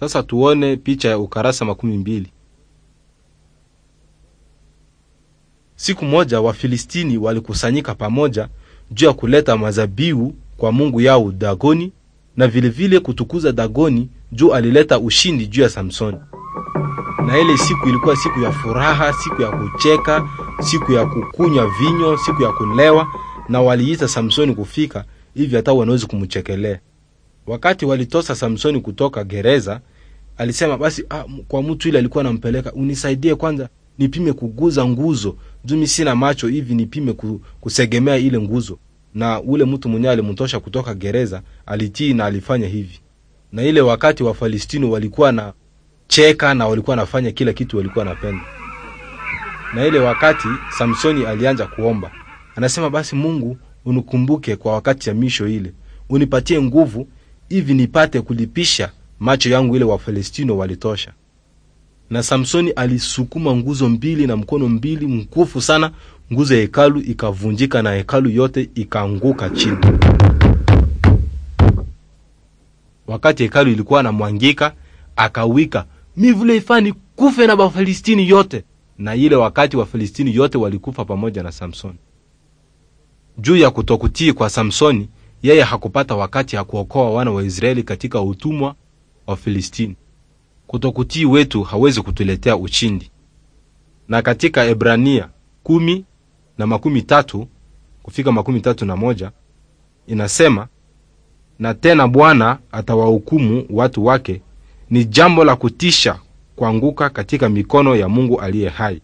Sasa tuone picha ya ukarasa makumi mbili. Siku moja Wafilistini walikusanyika pamoja juu ya kuleta mazabiu kwa mungu yao Dagoni na vilevile vile kutukuza Dagoni juu alileta ushindi juu ya Samsoni. Na ile siku ilikuwa siku ya furaha, siku ya kucheka, siku ya kukunywa vinyo, siku ya kulewa, na waliita Samsoni kufika hivi hata wanawezi kumchekelea. Wakati walitosa Samsoni kutoka gereza, alisema basi, ah, kwa mtu ile alikuwa anampeleka, unisaidie kwanza nipime kuguza nguzo jumi, sina macho hivi, nipime kusegemea ile nguzo. Na ule mtu mwenyewe alimtosha kutoka gereza alitii na alifanya hivi. Na ile wakati wa Wafalistini walikuwa na cheka na walikuwa nafanya kila kitu walikuwa napenda. Na ile wakati Samsoni alianza kuomba, anasema basi, Mungu unikumbuke kwa wakati ya misho ile, unipatie nguvu hivi nipate kulipisha macho yangu ile Wafilistino walitosha. Na Samsoni alisukuma nguzo mbili na mkono mbili mkufu sana, nguzo ya hekalu ikavunjika na hekalu yote ikaanguka chini. Wakati hekalu ilikuwa namwangika, akawika mi vule ifani kufe na Wafilistini yote, na ile wakati Wafilistini yote walikufa pamoja na Samsoni. Juu ya kutokutii kwa Samsoni, yeye hakupata wakati ya kuokoa wana wa Israeli katika utumwa wa Filistini. Kutokutii wetu hawezi kutuletea ushindi. Na katika Ebrania kumi na makumi tatu kufika makumi tatu na moja inasema, na tena Bwana atawahukumu watu wake, ni jambo la kutisha kuanguka katika mikono ya Mungu aliye hai.